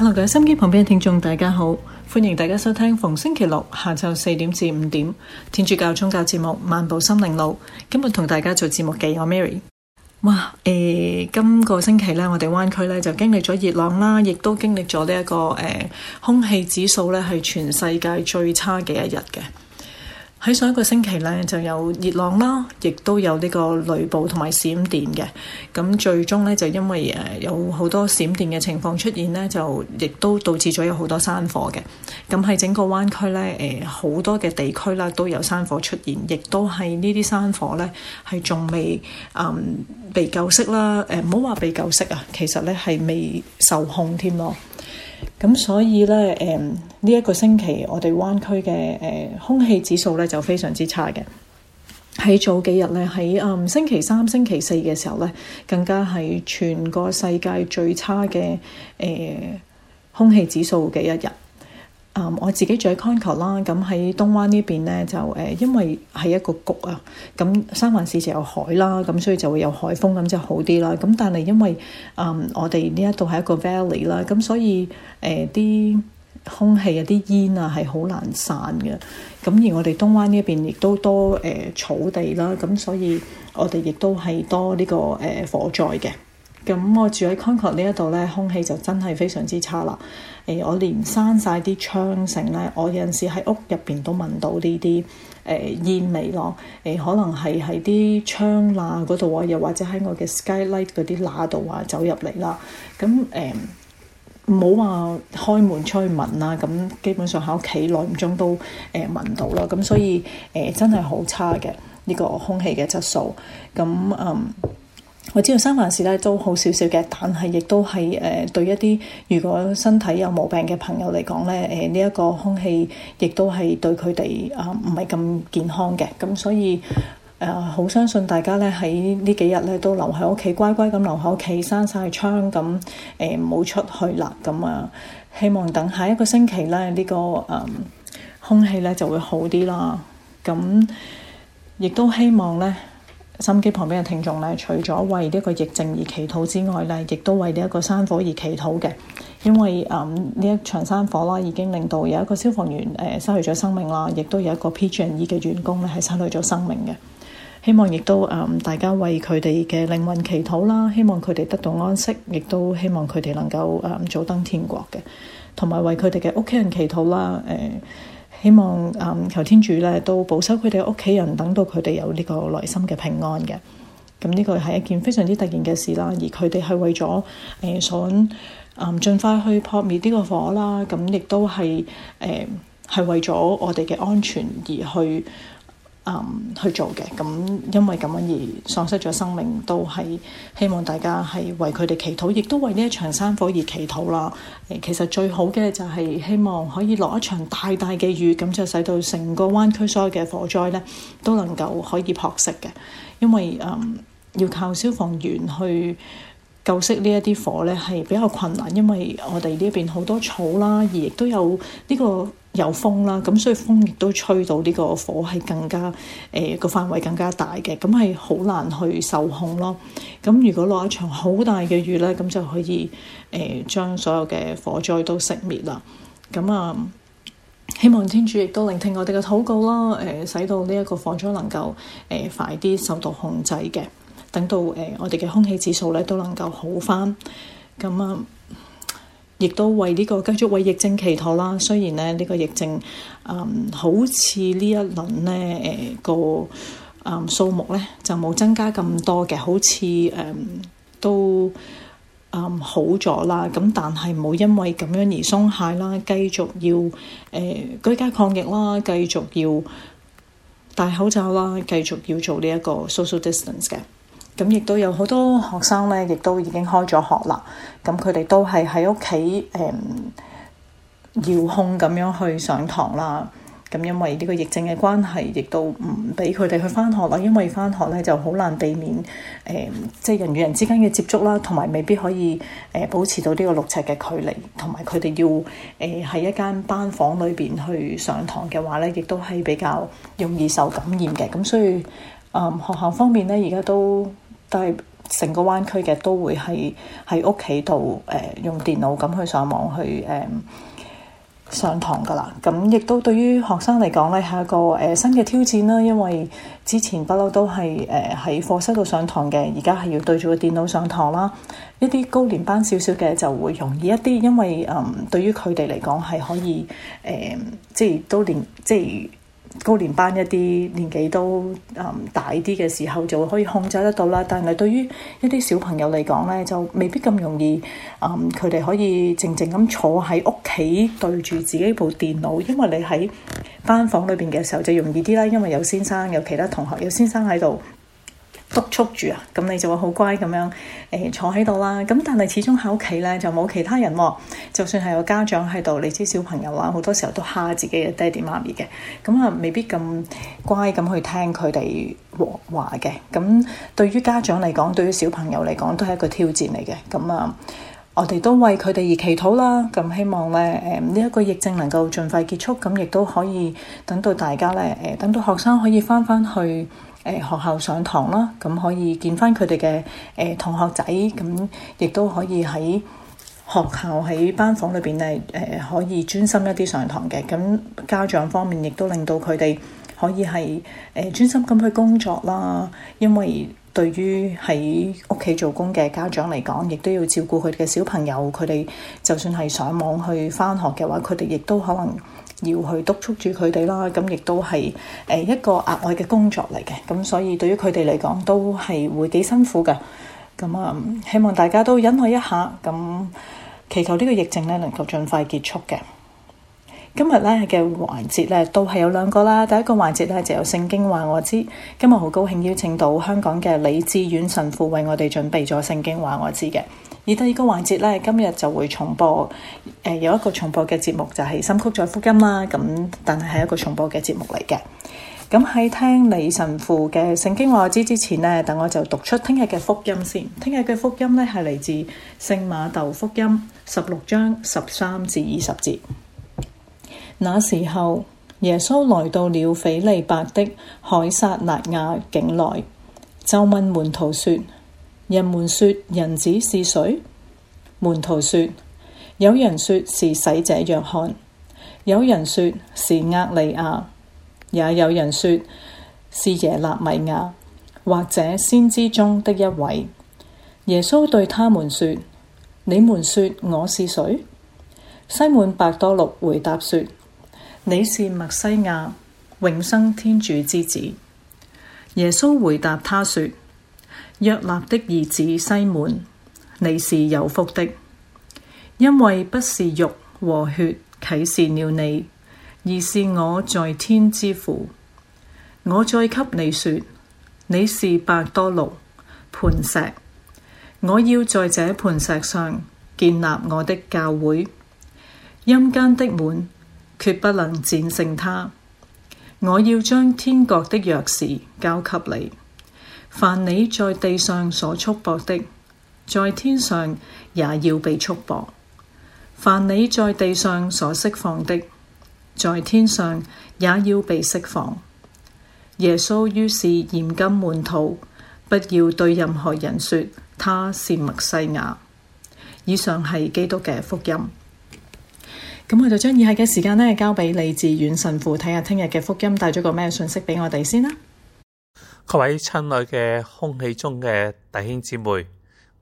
hello，各位收音機旁邊嘅聽眾，大家好，歡迎大家收聽逢星期六下晝四點至五點天主教宗教節目《漫步心靈路》，今日同大家做節目嘅我 Mary。哇，誒、欸，今個星期咧，我哋灣區咧就經歷咗熱浪啦，亦都經歷咗呢一個誒、欸，空氣指數咧係全世界最差嘅一日嘅。喺上一個星期咧，就有熱浪啦，亦都有呢個雷暴同埋閃電嘅。咁最終咧，就因為誒、呃、有好多閃電嘅情況出現咧，就亦都導致咗有好多山火嘅。咁喺整個灣區咧，誒、呃、好多嘅地區啦，都有山火出現，亦都係呢啲山火咧係仲未誒被救熄啦。誒唔好話被救熄啊，其實咧係未受控添咯。咁所以咧，誒、呢一個星期我哋灣區嘅誒、空氣指數咧就非常之差嘅，喺早幾日咧，喺啊、嗯、星期三、星期四嘅時候咧，更加係全個世界最差嘅誒、呃、空氣指數嘅一日。Um, 我自己住喺 Concord 啦，咁喺東灣呢邊呢，就誒、呃，因為係一個谷啊，咁三藩市就有海啦，咁所以就會有海風咁就好啲啦。咁但係因為誒、呃、我哋呢一度係一個 valley 啦，咁所以誒啲、呃、空氣啊、啲煙啊係好難散嘅。咁而我哋東灣呢一邊亦都多誒、呃、草地啦，咁所以我哋亦都係多呢、這個誒、呃、火災嘅。咁我住喺 Concord 呢一度咧，空氣就真係非常之差啦。誒、呃，我連閂晒啲窗簾咧，我有陣時喺屋入邊都聞到呢啲誒煙味咯。誒、呃呃，可能係喺啲窗罅嗰度啊，又或者喺我嘅 skylight 嗰啲罅度啊走入嚟啦。咁、嗯、誒，唔好話開門出去聞啊。咁、嗯、基本上喺屋企耐唔中都誒聞到啦。咁、嗯、所以誒、嗯、真係好差嘅呢、呢個空氣嘅質素。咁嗯。嗯我知道三藩市咧都好少少嘅，但係亦都係誒、呃、對一啲如果身體有毛病嘅朋友嚟講咧，誒呢一個空氣亦都係對佢哋啊唔係咁健康嘅。咁所以誒好、呃、相信大家咧喺呢幾日咧都留喺屋企，乖乖咁留喺屋企，閂晒窗咁誒唔好出去啦。咁啊，希望等下一個星期咧呢、這個誒、呃、空氣咧就會好啲啦。咁亦都希望咧。心機旁邊嘅聽眾咧，除咗為呢一個疫症而祈禱之外呢，咧亦都為呢一個山火而祈禱嘅，因為誒呢、嗯、一場山火啦，已經令到有一個消防員誒、呃、失去咗生命啦，亦都有一個 PG&E 嘅員工咧係失去咗生命嘅。希望亦都誒、嗯、大家為佢哋嘅靈魂祈禱啦，希望佢哋得到安息，亦都希望佢哋能夠誒、嗯、早登天國嘅，同埋為佢哋嘅屋企人祈禱啦，誒、呃。希望、嗯、求天主咧都保守佢哋屋企人，等到佢哋有呢個內心嘅平安嘅。咁、嗯、呢、呢個係一件非常之突然嘅事啦，而佢哋係為咗誒、呃、想、嗯、盡快去撲滅呢個火啦。咁、嗯、亦都係，誒、呃，係為咗我哋嘅安全而去。嗯，去做嘅，咁因為咁樣而喪失咗生命，都係希望大家係為佢哋祈禱，亦都為呢一場山火而祈禱啦。誒，呃，其實最好嘅就係希望可以落一場大大嘅雨，咁就使到成個灣區所有嘅火災呢，都能夠可以撲熄嘅，因為，嗯，要靠消防員去。救熄呢一啲火咧，係比較困難，因為我哋呢邊好多草啦，而亦都有呢、這個有風啦，咁所以風亦都吹到呢個火係更加誒、呃、個範圍更加大嘅，咁係好難去受控咯。咁如果落一場好大嘅雨咧，咁就可以誒、呃、將所有嘅火災都熄滅啦。咁啊，希望天主亦都聆聽我哋嘅禱告啦，誒、呃、使到呢一個火災能夠誒、呃、快啲受到控制嘅。等到誒、呃、我哋嘅空氣指數咧都能夠好翻，咁啊，亦都為呢個繼續為疫症祈禱啦。雖然咧呢、呢個疫症嗯好似呢一輪咧誒個嗯數目咧就冇增加咁多嘅，好似誒、嗯、都嗯好咗啦。咁但係冇因為咁樣而鬆懈啦，繼續要誒、呃、居家抗疫啦，繼續要戴口罩啦，繼續要做呢一個 social distance 嘅。咁亦都有好多學生咧，亦都已經開咗學啦。咁佢哋都係喺屋企誒遙控咁樣去上堂啦。咁因為呢個疫症嘅關係，亦都唔俾佢哋去返學啦。因為返學咧就好難避免誒，即、嗯、係、就是、人與人之間嘅接觸啦，同埋未必可以誒、嗯、保持到呢個六尺嘅距離。同埋佢哋要誒喺、嗯、一間班房裏邊去上堂嘅話咧，亦都係比較容易受感染嘅。咁所以，嗯，學校方面咧，而家都～但係成個灣區嘅都會係喺屋企度誒用電腦咁去上網去誒、呃、上堂噶啦。咁亦都對於學生嚟講咧係一個誒、呃、新嘅挑戰啦，因為之前不嬲都係誒喺課室度上堂嘅，而家係要對住個電腦上堂啦。一啲高年班少少嘅就會容易一啲，因為誒、呃、對於佢哋嚟講係可以誒、呃、即係都連即係。高年班一啲年紀都誒、嗯、大啲嘅時候，就可以控制得到啦。但係對於一啲小朋友嚟講咧，就未必咁容易。誒、嗯，佢哋可以靜靜咁坐喺屋企對住自己部電腦，因為你喺班房裏邊嘅時候就容易啲啦，因為有先生有其他同學有先生喺度。督促住啊，咁你就會好乖咁樣誒坐喺度啦。咁但係始終喺屋企咧就冇其他人，就算係有家長喺度，你知小朋友啊好多時候都蝦自己嘅爹哋媽咪嘅。咁啊，未必咁乖咁去聽佢哋話嘅。咁對於家長嚟講，對於小朋友嚟講都係一個挑戰嚟嘅。咁啊，我哋都為佢哋而祈禱啦。咁希望咧誒呢一、呃呢個疫症能夠盡快結束，咁亦都可以等到大家咧誒等到學生可以翻翻去。誒學校上堂啦，咁可以見翻佢哋嘅誒同學仔，咁亦都可以喺學校喺班房裏邊誒誒可以專心一啲上堂嘅。咁家長方面亦都令到佢哋可以係誒專心咁去工作啦。因為對於喺屋企做工嘅家長嚟講，亦都要照顧佢哋嘅小朋友。佢哋就算係上網去翻學嘅話，佢哋亦都可能。要去督促住佢哋啦，咁亦都係誒一個額外嘅工作嚟嘅，咁所以對於佢哋嚟講都係會幾辛苦嘅，咁啊希望大家都忍耐一下，咁祈求呢個疫情咧能夠盡快結束嘅。今日咧嘅環節咧，都係有兩個啦。第一個環節咧，就有聖經話我知。今日好高興邀請到香港嘅李志遠神父為我哋準備咗聖經話我知嘅。而第二個環節咧，今日就會重播。誒、呃、有一個重播嘅節目就係、是《心曲再福音》啦。咁但係係一個重播嘅節目嚟嘅。咁喺聽李神父嘅聖經話我知之前咧，等我就讀出聽日嘅福音先。聽日嘅福音咧係嚟自《聖瑪竇福音》十六章十三至二十節。那時候耶穌來到了腓利伯的海撒那亞境內，就問門徒說：人們說人子是誰？門徒說：有人說是洗者約翰，有人說是厄利亞，也有人說是耶納米亞，或者先知中的一位。耶穌對他們說：你們說我是誰？西門伯多祿回答說：你是默西亞，永生天主之子。耶穌回答他說：約立的兒子西門，你是有福的，因為不是肉和血啟示了你，而是我在天之父。我再給你說，你是伯多祿磐石，我要在這磐石上建立我的教會。陰間的門，決不能戰勝他。我要將天國的鑰匙交給你。凡你在地上所束縛的，在天上也要被束縛；凡你在地上所釋放的，在天上也要被釋放。耶穌於是嚴禁門徒，不要對任何人說他是麥西亞。以上係基督嘅福音。咁我就將以下嘅時間呢，交俾李志遠神父睇下聽日嘅福音帶咗個咩信息俾我哋先啦。各位親愛嘅空氣中嘅弟兄姊妹，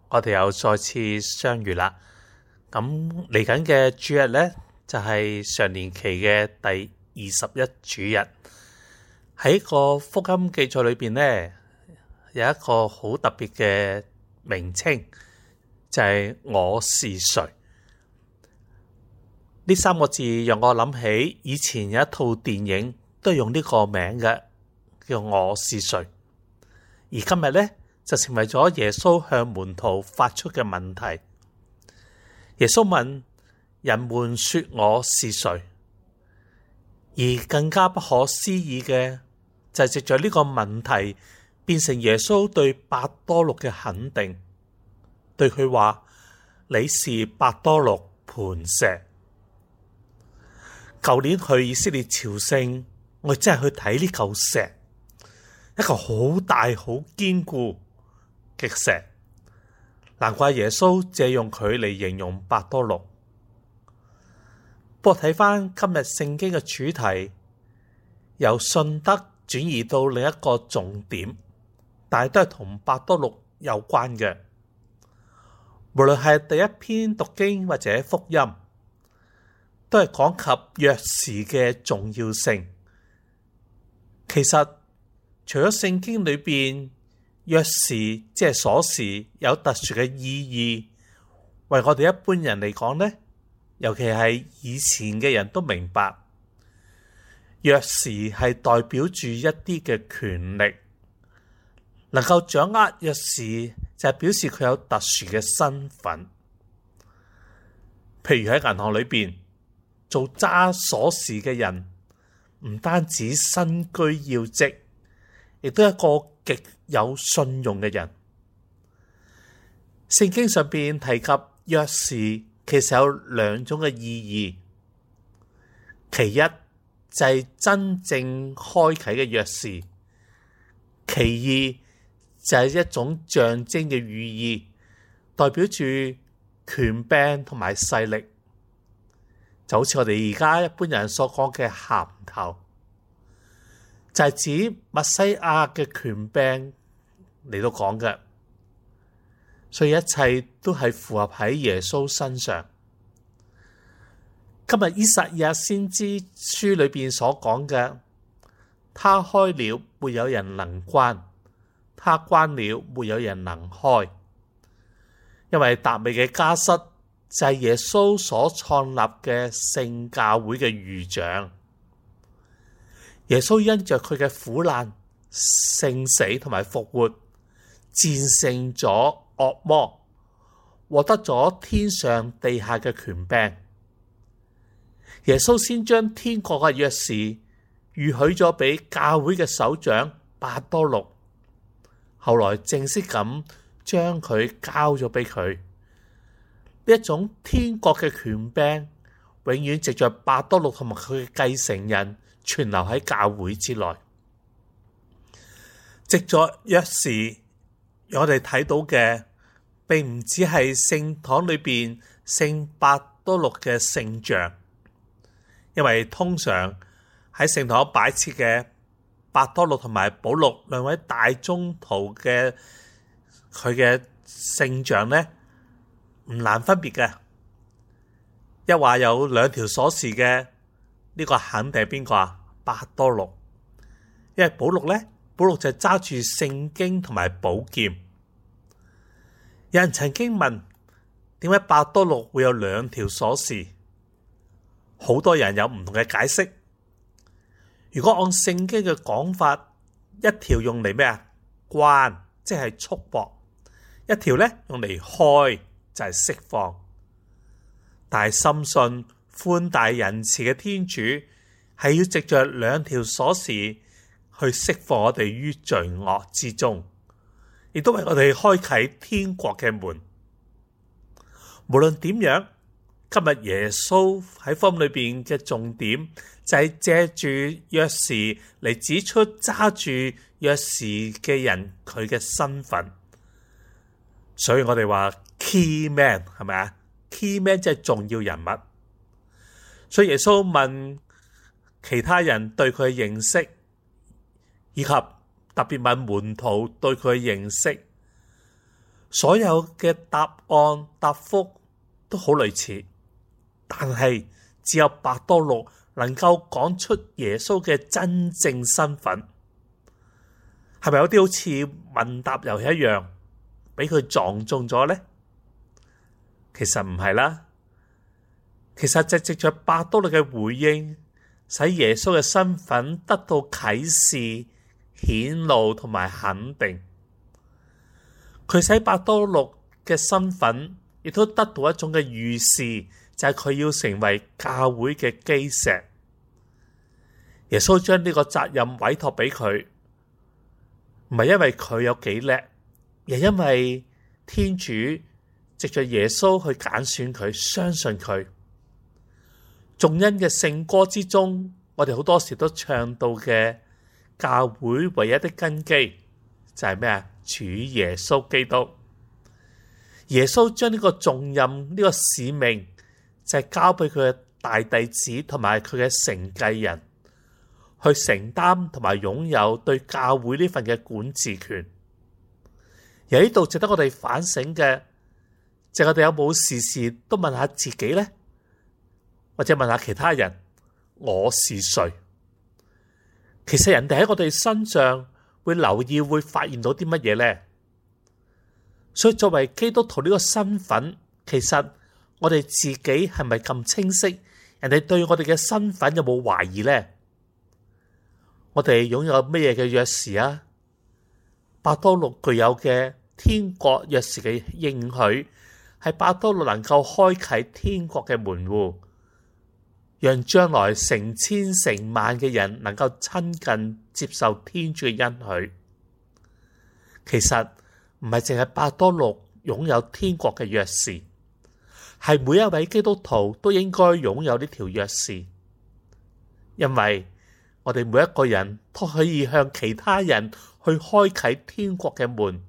我哋又再次相遇啦。咁嚟緊嘅主日呢，就係、是、上年期嘅第二十一主日。喺個福音記載裏邊呢，有一個好特別嘅名稱，就係、是、我是誰。呢三個字讓我諗起以前有一套電影都用呢個名嘅，叫《我是誰》。而今日呢，就成為咗耶穌向門徒發出嘅問題。耶穌問人們，說我是誰？而更加不可思議嘅就係、是、藉著呢個問題變成耶穌對伯多祿嘅肯定，對佢話：你是伯多祿磐石。舊年去以色列朝聖，我真係去睇呢嚿石，一個好大、好堅固嘅石，難怪耶穌借用佢嚟形容伯多祿。不過睇返今日聖經嘅主題，由信德轉移到另一個重點，但係都係同伯多祿有關嘅，無論係第一篇讀經或者福音。都係講及鑰匙嘅重要性。其實除咗聖經裏邊，鑰匙即係鎖匙有特殊嘅意義。為我哋一般人嚟講呢，尤其係以前嘅人都明白，鑰匙係代表住一啲嘅權力，能夠掌握鑰匙就係表示佢有特殊嘅身份。譬如喺銀行裏邊。做揸鎖匙嘅人，唔單止身居要職，亦都係一個極有信用嘅人。聖經上邊提及鑰匙，其實有兩種嘅意義。其一就係真正開啟嘅鑰匙，其二就係一種象徵嘅寓意，代表住權柄同埋勢力。就好似我哋而家一般人所講嘅銜頭，就係、是、指默西亞嘅權柄嚟到講嘅，所以一切都係符合喺耶穌身上。今日依撒意亞先知書裏邊所講嘅，他開了沒有人能關，他關了沒有人能開，因為達味嘅家室。就係耶穌所創立嘅聖教會嘅預象。耶穌因着佢嘅苦難、聖死同埋復活，戰勝咗惡魔，獲得咗天上地下嘅權柄。耶穌先將天國嘅鑰匙預許咗俾教會嘅首長伯多祿，後來正式咁將佢交咗俾佢。一種天國嘅權柄，永遠藉著伯多祿同埋佢嘅繼承人存留喺教會之內。藉著一時，我哋睇到嘅，並唔只係聖堂裏邊聖伯多祿嘅聖像，因為通常喺聖堂擺設嘅伯多祿同埋保祿兩位大宗徒嘅佢嘅聖像呢？唔難分別嘅，一話有兩條鎖匙嘅，呢個肯定係邊個啊？伯多祿。因為保祿咧，保祿就揸住聖經同埋寶劍。有人曾經問，點解伯多祿會有兩條鎖匙？好多人有唔同嘅解釋。如果按聖經嘅講法，一條用嚟咩啊關，即係束縛；一條咧用嚟開。就係釋放，但係深信寬大仁慈嘅天主係要藉着兩條鎖匙去釋放我哋於罪惡之中，亦都為我哋開啟天國嘅門。無論點樣，今日耶穌喺福音裏邊嘅重點就係借住鑰匙嚟指出揸住鑰匙嘅人佢嘅身份，所以我哋話。key man 係咪啊？key man 即係重要人物，所以耶穌問其他人對佢嘅認識，以及特別問門徒對佢嘅認識，所有嘅答案答覆都好類似，但係只有伯多祿能夠講出耶穌嘅真正身份，係咪有啲好似問答遊戲一樣，俾佢撞中咗咧？其實唔係啦，其實直藉着伯多祿嘅回應，使耶穌嘅身份得到啟示、顯露同埋肯定。佢使伯多祿嘅身份亦都得到一種嘅預示，就係、是、佢要成為教會嘅基石。耶穌將呢個責任委託畀佢，唔係因為佢有幾叻，而係因為天主。藉着耶穌去揀選佢，相信佢。眾恩嘅聖歌之中，我哋好多時都唱到嘅教會唯一嘅根基就係咩啊？主耶穌基督。耶穌將呢個重任呢、呢個使命就係、是、交俾佢嘅大弟子同埋佢嘅承繼人去承擔同埋擁有對教會呢份嘅管治權。由呢度值得我哋反省嘅。就係我哋有冇時時都問下自己呢？或者問下其他人，我是誰？其實人哋喺我哋身上會留意，會發現到啲乜嘢呢？所以作為基督徒呢個身份，其實我哋自己係咪咁清晰？人哋對我哋嘅身份有冇懷疑呢？我哋擁有咩嘢嘅鑰匙啊？百多六具有嘅天國鑰匙嘅應許。係伯多祿能夠開啟天國嘅門戶，讓將來成千成萬嘅人能夠親近接受天主嘅恩許。其實唔係淨係伯多祿擁有天國嘅鑰匙，係每一位基督徒都應該擁有呢條鑰匙，因為我哋每一個人都可以向其他人去開啟天國嘅門，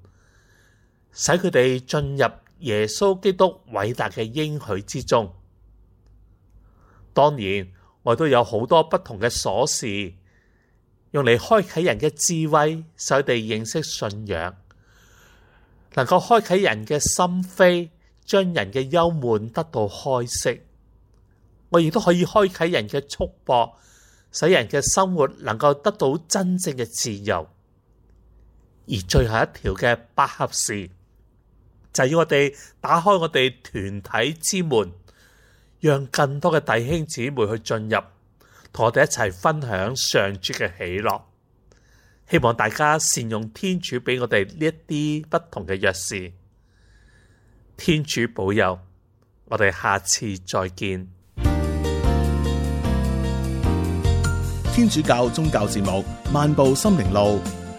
使佢哋進入。耶穌基督偉大嘅應許之中，當然我都有好多不同嘅鎖匙，用嚟開啟人嘅智慧，使佢哋認識信仰，能夠開啟人嘅心扉，將人嘅憂悶得到開釋。我亦都可以開啟人嘅束縛，使人嘅生活能夠得到真正嘅自由。而最後一條嘅八合匙。就要我哋打開我哋團體之門，讓更多嘅弟兄姊妹去進入，同我哋一齊分享上主嘅喜樂。希望大家善用天主俾我哋呢一啲不同嘅約事。天主保佑，我哋下次再見。天主教宗教節目《漫步心靈路》。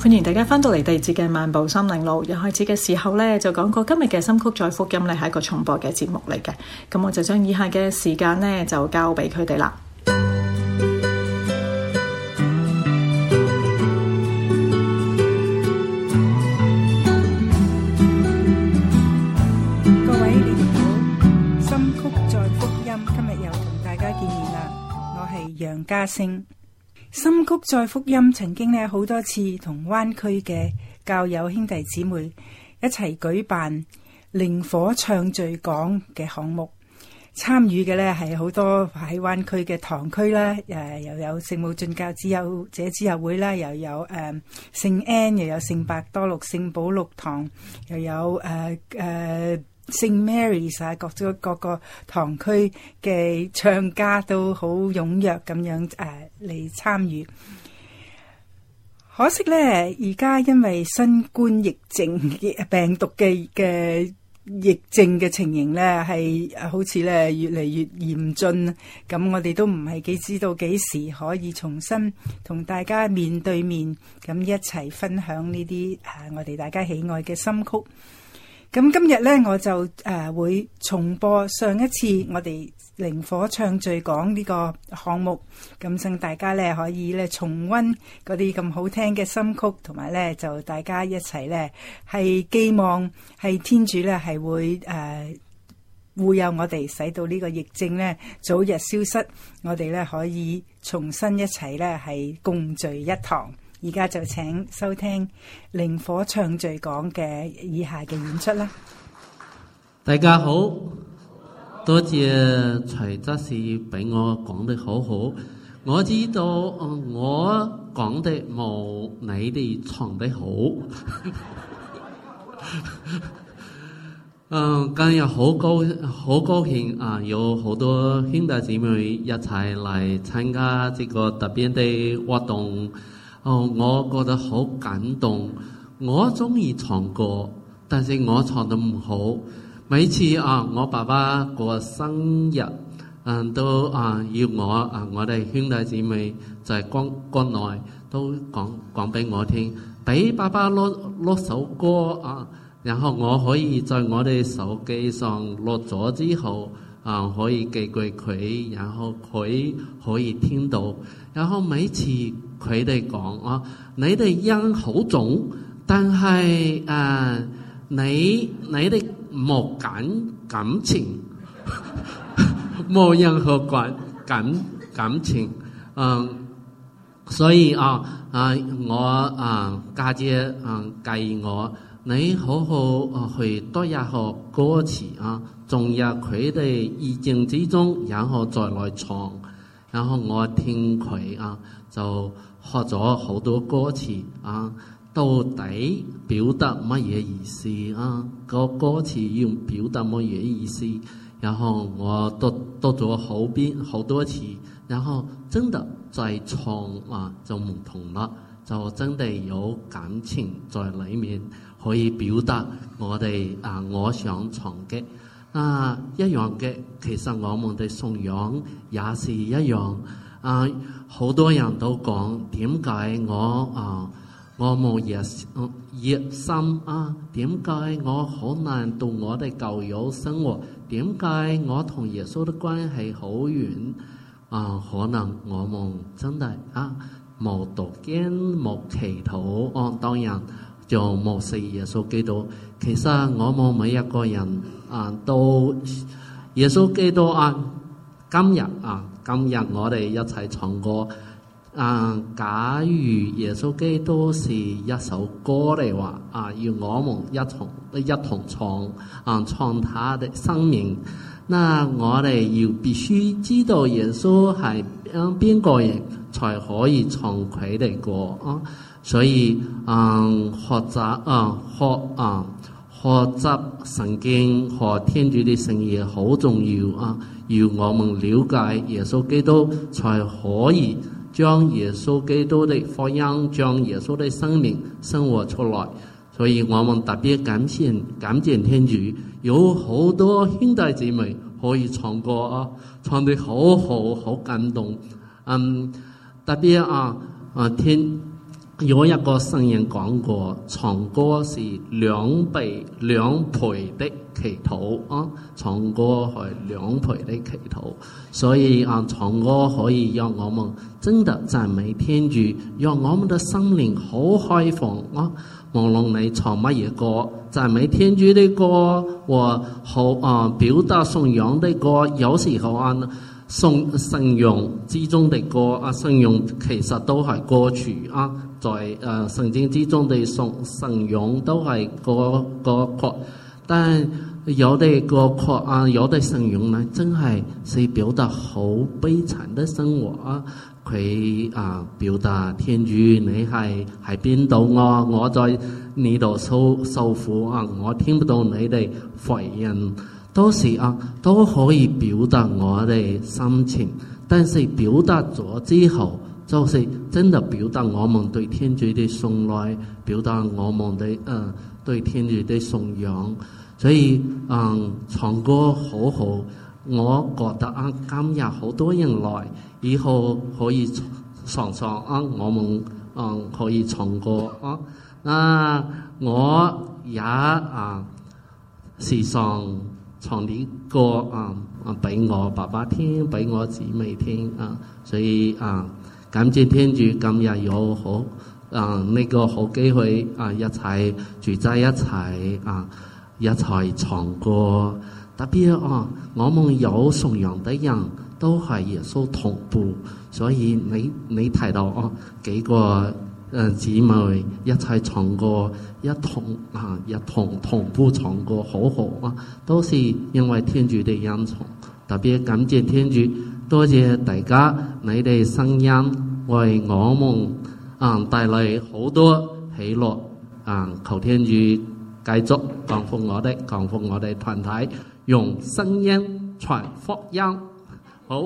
歡迎大家翻到嚟第二節嘅漫步森林路。一開始嘅時候咧，就講過今日嘅心曲再福音咧係一個重播嘅節目嚟嘅。咁我就將以下嘅時間咧就交俾佢哋啦。各位你好，心曲再福音，今日又同大家見面啦，我係楊家星。深曲再福音曾經咧好多次同灣區嘅教友兄弟姊妹一齊舉辦靈火唱聚講嘅項目，參與嘅咧係好多喺灣區嘅堂區啦，誒、呃、又有聖母進教之佑者之友會啦，又有誒聖、呃、N 又有聖伯多祿、聖保祿堂，又有誒誒。呃呃聖 Mary 啊，各個各個堂區嘅唱家都好踊躍咁樣誒嚟參與。可惜呢，而家因為新冠疫症病毒嘅嘅疫症嘅情形呢，係好似呢越嚟越嚴峻。咁我哋都唔係幾知道幾時可以重新同大家面對面咁一齊分享呢啲誒，我哋大家喜愛嘅新曲。咁今日咧，我就誒、呃、會重播上一次我哋靈火唱聚講呢個項目，咁請大家咧可以咧重溫嗰啲咁好聽嘅新曲，同埋咧就大家一齊咧係寄望係天主咧係會誒護佑我哋，使到呢個疫症咧早日消失，我哋咧可以重新一齊咧係共聚一堂。而家就請收聽靈火唱聚講嘅以下嘅演出啦！大家好，多謝徐執事俾我講得好好。我知道我講得冇你哋唱得好。嗯， 今日好高好高興啊！有好多兄弟姊妹一齊嚟參加這個特別的活動。哦，oh, 我覺得好感動。我中意唱歌，但是我唱得唔好。每次啊，我爸爸過生日，嗯，都啊要我啊，我哋兄弟姐妹在國國內都講講俾我聽，畀爸爸攞攞首歌啊，然後我可以在我哋手機上落咗之後，啊，可以記記佢，然後佢可以聽到，然後每次。佢哋講啊，你哋音好重，但係啊，你你哋冇感感情，冇 任何感感感情，誒、啊，所以啊啊我啊家姐，姐啊建議我，你好好去多一下學歌詞啊，仲有佢哋意境之中，然後再來唱，然後我聽佢啊就。學咗好多歌詞啊，到底表達乜嘢意思啊？個歌詞要表達乜嘢意思？然後我讀讀咗好邊好多次，然後真的在唱啊就唔同啦，就真地有感情在裡面，可以表達我哋啊我想唱嘅啊一樣嘅。其實我們嘅崇仰也是一樣啊。好多人都講點解我啊、呃、我冇熱，熱心啊？點解我好難度我哋舊友生活？點解我同耶穌的關係好遠啊？可能我們真係啊冇讀經、冇祈禱，啊、當然就冇識耶穌基督。其實我們每一個人啊都耶穌基督啊！今日啊，今日我哋一齊唱歌。啊、嗯，假如耶穌基督是一首歌嚟話，啊，要我們一同一同唱，啊，唱他的生命。那我哋要必須知道耶穌係邊邊個人，才可以唱佢哋歌啊。所以，嗯，學習，嗯、啊，學，嗯、啊。學習聖經和天主的聖言好重要啊！要我們了解耶穌基督，才可以將耶穌基督的福音，將耶穌的生命生活出來。所以我們特別感謝、感謝天主，有好多兄弟姐妹可以唱歌啊，唱得好好、好感動。嗯，特別啊啊天。有一個聖人講過，唱歌是兩倍兩倍的祈禱啊！唱歌係兩倍的祈禱，所以啊，唱歌可以讓我們真的讚美天主，讓我們的心靈好開放啊！無論你唱乜嘢歌，讚美天主的歌或好啊、呃，表達信仰的歌，有時候啊，信信仰之中的歌啊，信仰其實都係歌曲啊。在誒、呃、聖經之中嘅聖聖詠都係歌歌曲，但有啲歌曲啊，有啲聖詠咧，真係是表達好悲慘的生活啊！佢啊表達天主，你係喺邊度啊？我在呢度受受苦啊！我聽不到你哋憤恨，都是啊都可以表達我哋心情，但是表達咗之後。就是真的表達我們對天主的崇愛，表達我們的誒、呃、對天主的崇仰。所以誒、嗯，唱歌好好，我覺得啊、嗯，今日好多人來，以後可以唱唱、唱啊，我們誒、嗯、可以唱歌啊。那、啊、我也啊時常唱啲歌啊啊俾我爸爸聽，俾我姊妹聽啊，所以啊。感謝天主今日有好啊呢、呃那個好機會啊、呃、一齊聚喺一齊啊、呃、一齊唱歌，特別啊，我們有信仰的人都係耶穌同步，所以你你提到啊幾個誒、呃、姊妹一齊唱歌，一同啊一同同步唱歌，好好啊，都是因為天主的恩寵，特別感謝天主。多謝大家，你哋聲音為我們嗯帶來好多喜樂啊！求天主繼續降福我哋，降福我哋團體，用聲音傳福音。好，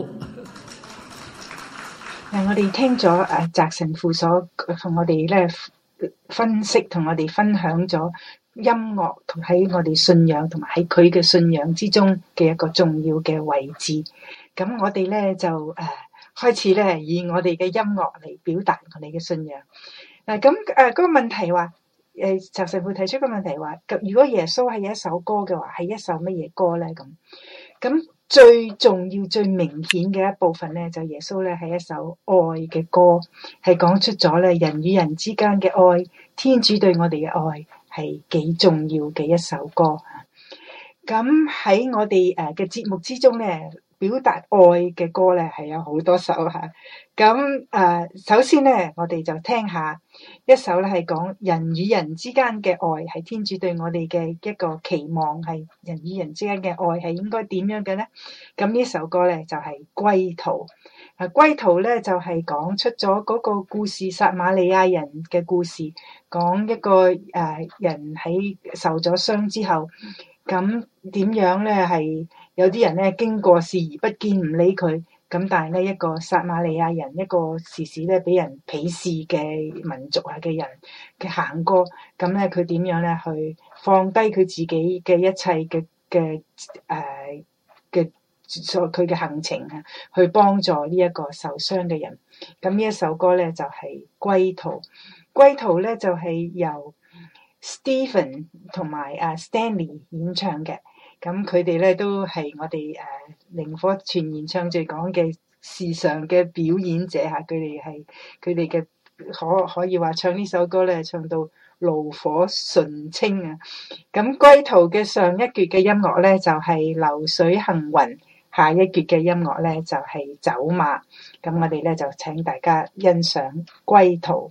嗱，我哋聽咗誒澤神父所同我哋咧分析，同我哋分享咗音樂同喺我哋信仰，同埋喺佢嘅信仰之中嘅一個重要嘅位置。咁我哋咧就誒開始咧以我哋嘅音樂嚟表達我哋嘅信仰。嗱咁誒嗰個問題話，誒，陳神父提出嘅問題話，若如果耶穌係一首歌嘅話，係一首乜嘢歌咧？咁咁最重要、最明顯嘅一部分咧，就耶穌咧係一首愛嘅歌，係講出咗咧人與人之間嘅愛，天主對我哋嘅愛係幾重要嘅一首歌。咁喺我哋誒嘅節目之中咧。表達愛嘅歌咧，係有好多首吓。咁、啊、誒、啊，首先咧，我哋就聽一下一首咧，係講人與人之間嘅愛，係天主對我哋嘅一個期望，係人與人之間嘅愛係應該點樣嘅咧。咁呢首歌咧就係、是《歸途》。啊，歸《歸途》咧就係、是、講出咗嗰個故事，撒瑪利亞人嘅故事，講一個誒、啊、人喺受咗傷之後，咁點樣咧係？有啲人咧，經過視而不見，唔理佢。咁但係咧，一個撒瑪利亞人，一個時時咧俾人鄙視嘅民族啊嘅人，佢行過。咁咧，佢點樣咧去放低佢自己嘅一切嘅嘅誒嘅所佢嘅行程啊？去幫助呢一個受傷嘅人。咁呢一首歌咧就係、是《歸途》，《歸途》咧就係、是、由 Stephen 同埋阿 Stanley 演唱嘅。咁佢哋咧都係我哋誒、呃、靈火全言唱著講嘅時尚嘅表演者嚇，佢哋係佢哋嘅可可以話唱呢首歌咧唱到爐火純青啊！咁歸途嘅上一厥嘅音樂咧就係、是、流水行雲，下一厥嘅音樂咧就係、是、走馬。咁我哋咧就請大家欣賞歸途。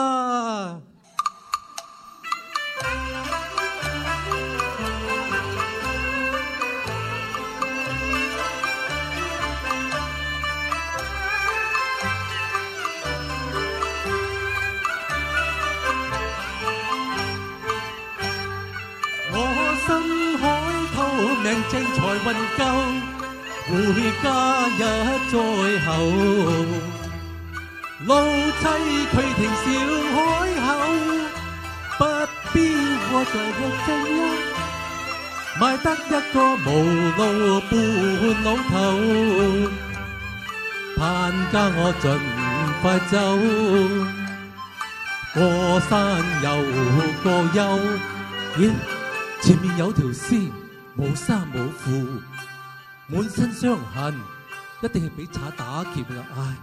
一定係俾賊打劫啦！唉，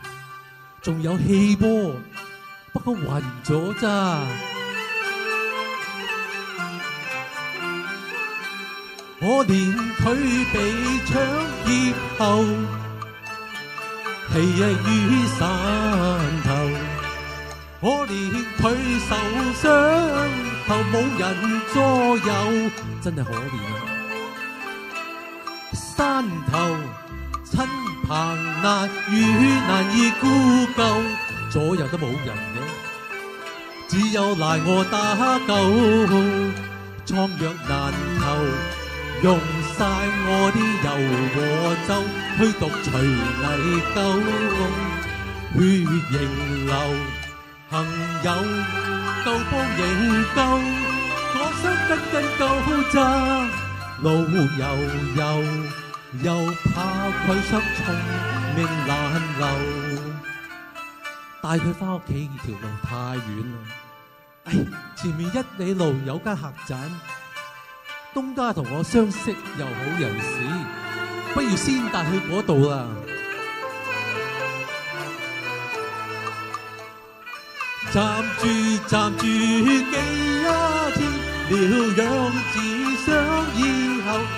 仲有氣波，不過暈咗咋？可憐佢被搶劫後，皮亦已山頭。可憐佢受傷後冇人左右，真係可憐啊！山頭。行難遇難以孤舊，左右都冇人嘅，只有賴我打救。創若難求，用晒我啲油和酒去獨除危垢，血仍流，幸有道破仍舊。我傷得更夠真，路悠悠。又怕佢失聰命難留，帶佢翻屋企條路太遠啦。哎，前面一里路有間客棧，東家同我相識又好人事，不如先帶去嗰度啦。站住站住，寄一天療養，只想以後。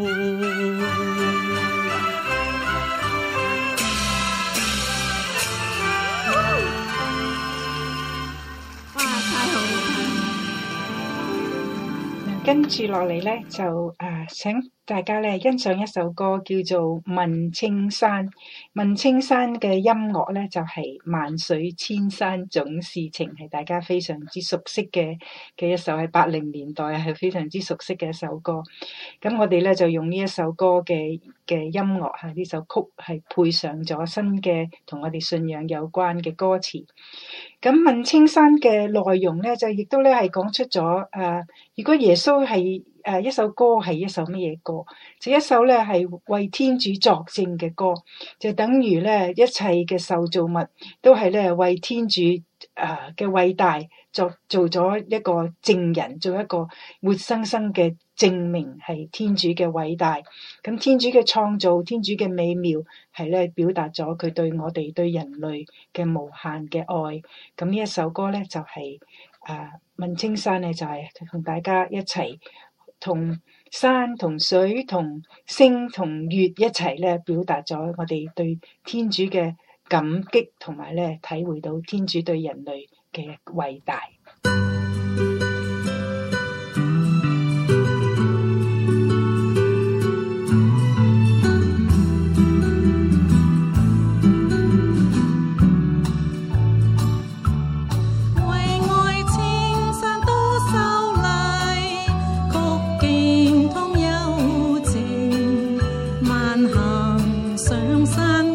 跟住落嚟呢，就誒、呃、請大家咧欣賞一首歌，叫做《問青山》。問青山嘅音樂呢，就係、是、萬水千山總事情，係大家非常之熟悉嘅嘅一首，喺八零年代係非常之熟悉嘅一首歌。咁我哋呢，就用呢一首歌嘅嘅音樂嚇，呢、啊、首曲係配上咗新嘅同我哋信仰有關嘅歌詞。咁問青山嘅內容咧，就亦都咧係講出咗，誒、啊，如果耶穌係。誒一首歌係一首乜嘢歌？就一首咧係為天主作證嘅歌，就等於咧一切嘅受造物都係咧為天主誒嘅偉大作做咗一個證人，做一個活生生嘅證明係天主嘅偉大。咁天主嘅創造，天主嘅美妙係咧表達咗佢對我哋對人類嘅無限嘅愛。咁呢一首歌咧就係誒問青山咧就係、是、同大家一齊。同山同水同星同月一齊咧，表達咗我哋對天主嘅感激，同埋咧體會到天主對人類嘅偉大。行上山。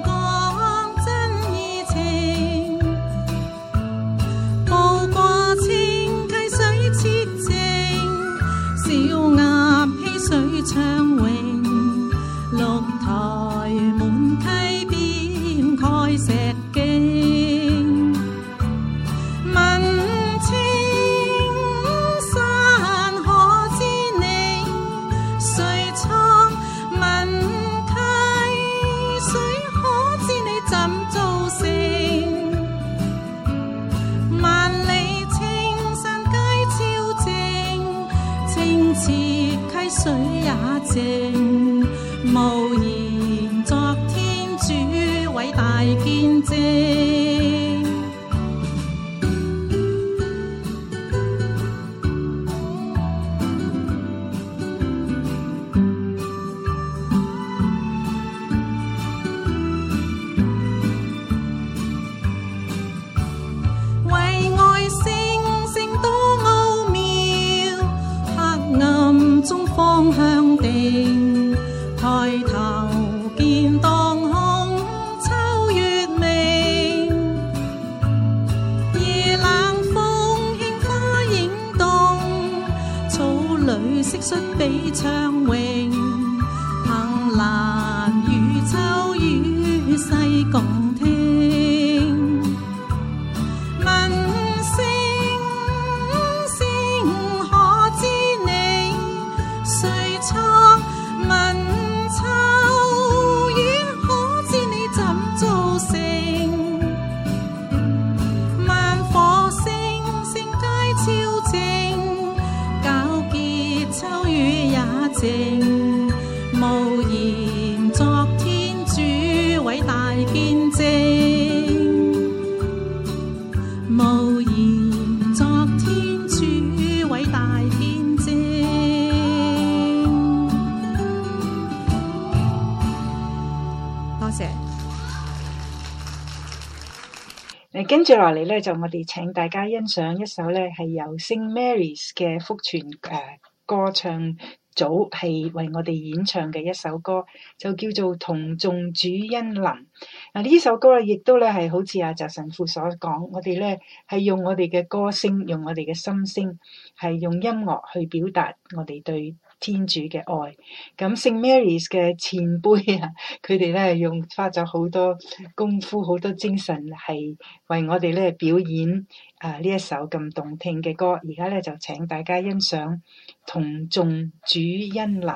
接落嚟咧，就我哋請大家欣賞一首咧，係由聖 Marys 嘅福傳誒、呃、歌唱組係為我哋演唱嘅一首歌，就叫做同眾主恩臨。嗱呢、啊、首歌咧，亦都咧係好似阿澤神父所講，我哋咧係用我哋嘅歌聲，用我哋嘅心聲，係用音樂去表達我哋對天主嘅愛，咁聖 Marys 嘅前輩啊，佢哋咧用花咗好多功夫、好多精神，係為我哋咧表演啊呢、呃、一首咁動聽嘅歌。而家咧就請大家欣賞同欣《同眾主恩林。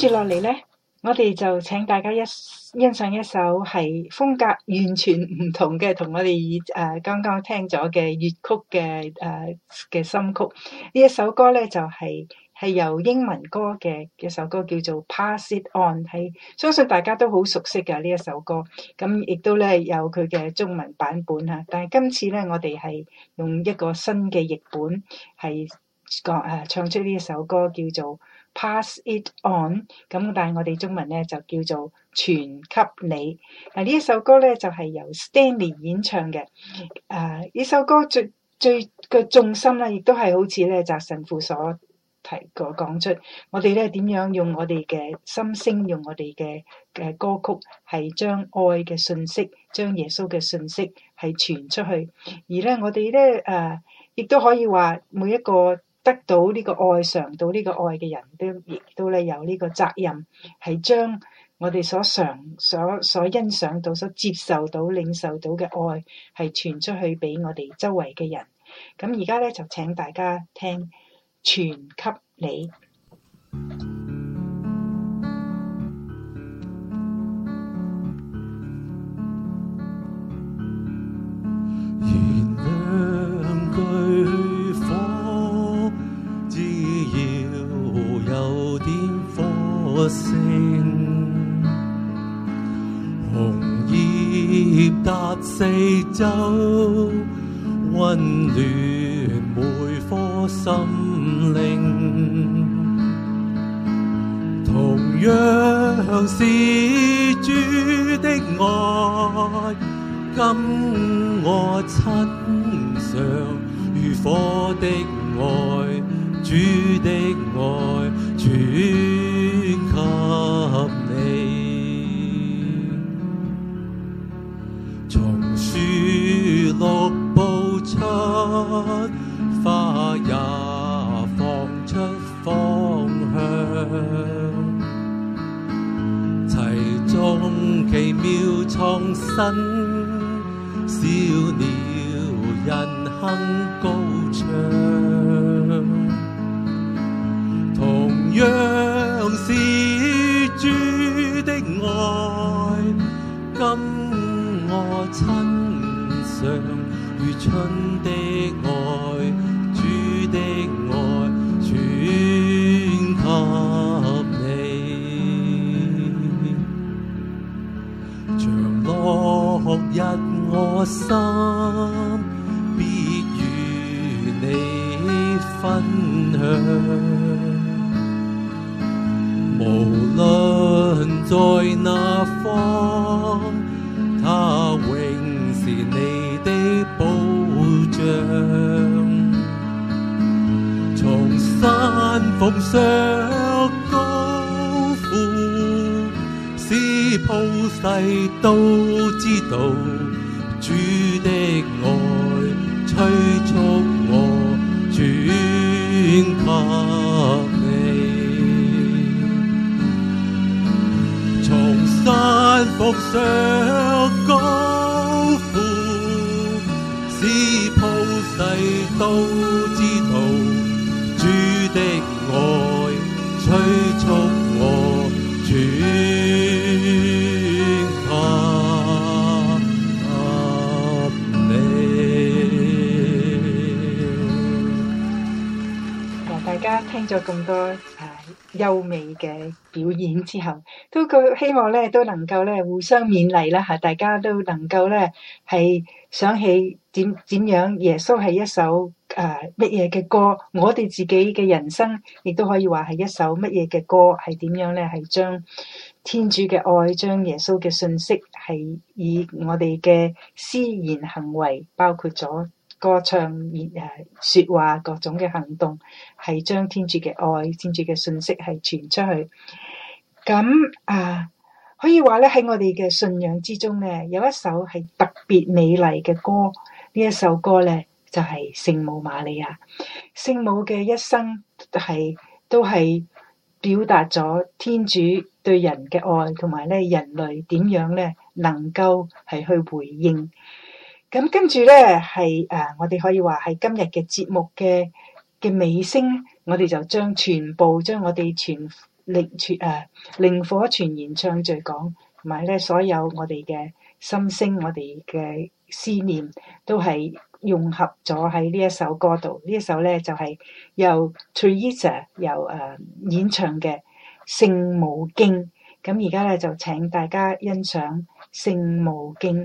跟住落嚟呢，我哋就請大家一欣賞一首係風格完全唔同嘅，同我哋誒剛剛聽咗嘅粵曲嘅誒嘅心曲。呢一首歌呢，就係、係、係由英文歌嘅一首歌叫做《Pass It On》，係相信大家都好熟悉嘅呢一首歌。咁亦都呢有佢嘅中文版本啊，但係今次呢，我哋係用一個新嘅譯本，係講誒唱出呢一首歌叫做。Pass it on，咁但係我哋中文咧，就叫做傳給你。嗱，呢一首歌咧，就係由 Stanley 演唱嘅。誒、啊、呢首歌最最嘅重心咧、啊，亦都係好似咧，澤神父所提過講出，我哋咧，點樣用我哋嘅心聲，用我哋嘅嘅歌曲，係將愛嘅信息，將耶穌嘅信息係傳出去。而咧，我哋咧誒亦都可以話每一個。得到呢個愛，嚐到呢個愛嘅人都亦都咧有呢個責任，係將我哋所嚐、所所欣賞到、所接受到、領受到嘅愛係傳出去俾我哋周圍嘅人。咁而家咧就請大家聽，傳給你。四周溫暖每顆心靈，同樣是主的愛，今我親嘗如火的愛，主的愛，主。六步出花也放出芳香，齊中奇妙創新，小鳥人興高唱。同樣是主的愛，跟我親。像如春的愛，主的愛，全給你。長落日我心，必與你分享。無論在哪方，他永是你。的保障，從山峯上高呼，是普世都知道，主的愛催促我轉給你，從山峯上。聽咗咁多誒、呃、優美嘅表演之後，都希望咧都能夠咧互相勉勵啦吓，大家都能夠咧係想起點點樣耶穌係一首誒乜嘢嘅歌，我哋自己嘅人生亦都可以話係一首乜嘢嘅歌，係點樣咧係將天主嘅愛、將耶穌嘅信息係以我哋嘅思言行為包括咗，歌唱、誒説話、各種嘅行動，係將天主嘅愛、天主嘅信息係傳出去。咁啊，可以話咧喺我哋嘅信仰之中咧，有一首係特別美麗嘅歌。呢一首歌咧，就係聖母瑪利亞。聖母嘅一生係都係表達咗天主對人嘅愛，同埋咧人類點樣咧能夠係去回應。咁跟住咧，係誒、啊，我哋可以話係今日嘅節目嘅嘅尾聲，我哋就將全部將我哋全靈全啊靈、呃、火全然唱在講，同埋咧所有我哋嘅心聲，我哋嘅思念都係融合咗喺呢一首歌度。呢一首咧就係、是、由 Treasure 由誒、呃、演唱嘅《聖母經》。咁而家咧就請大家欣賞《聖母經》。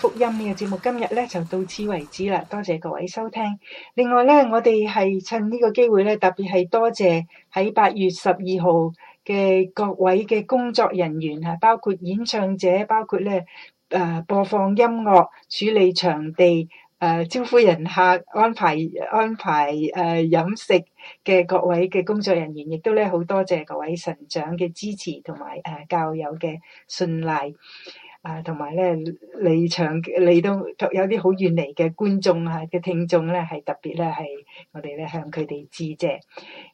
福音呢個節目今日咧就到此為止啦，多謝各位收聽。另外咧，我哋係趁呢個機會咧，特別係多謝喺八月十二號嘅各位嘅工作人員嚇，包括演唱者，包括咧誒、呃、播放音樂、處理場地、誒、呃、招呼人客、安排安排誒、呃、飲食嘅各位嘅工作人員，亦都咧好多謝各位神長嘅支持同埋誒教友嘅信賴。啊，同埋咧，離場嚟到有啲好遠嚟嘅觀眾啊，嘅聽眾咧，係特別咧，係我哋咧向佢哋致謝。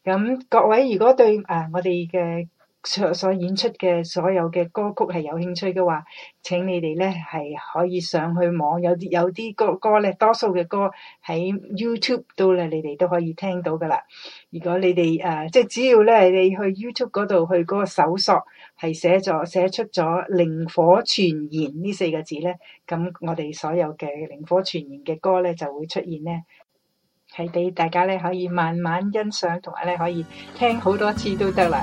咁、嗯、各位如果對啊、呃、我哋嘅所，所演出嘅所有嘅歌曲係有興趣嘅話，請你哋咧係可以上去網有啲有啲歌歌咧，多數嘅歌喺 YouTube 都咧，你哋都可以聽到噶啦。如果你哋誒、呃，即係只要咧，你去 YouTube 嗰度去嗰個搜索。係寫咗寫出咗靈火傳言呢四個字呢，咁我哋所有嘅靈火傳言嘅歌呢就會出現呢，係俾大家呢可以慢慢欣賞，同埋呢可以聽好多次都得啦。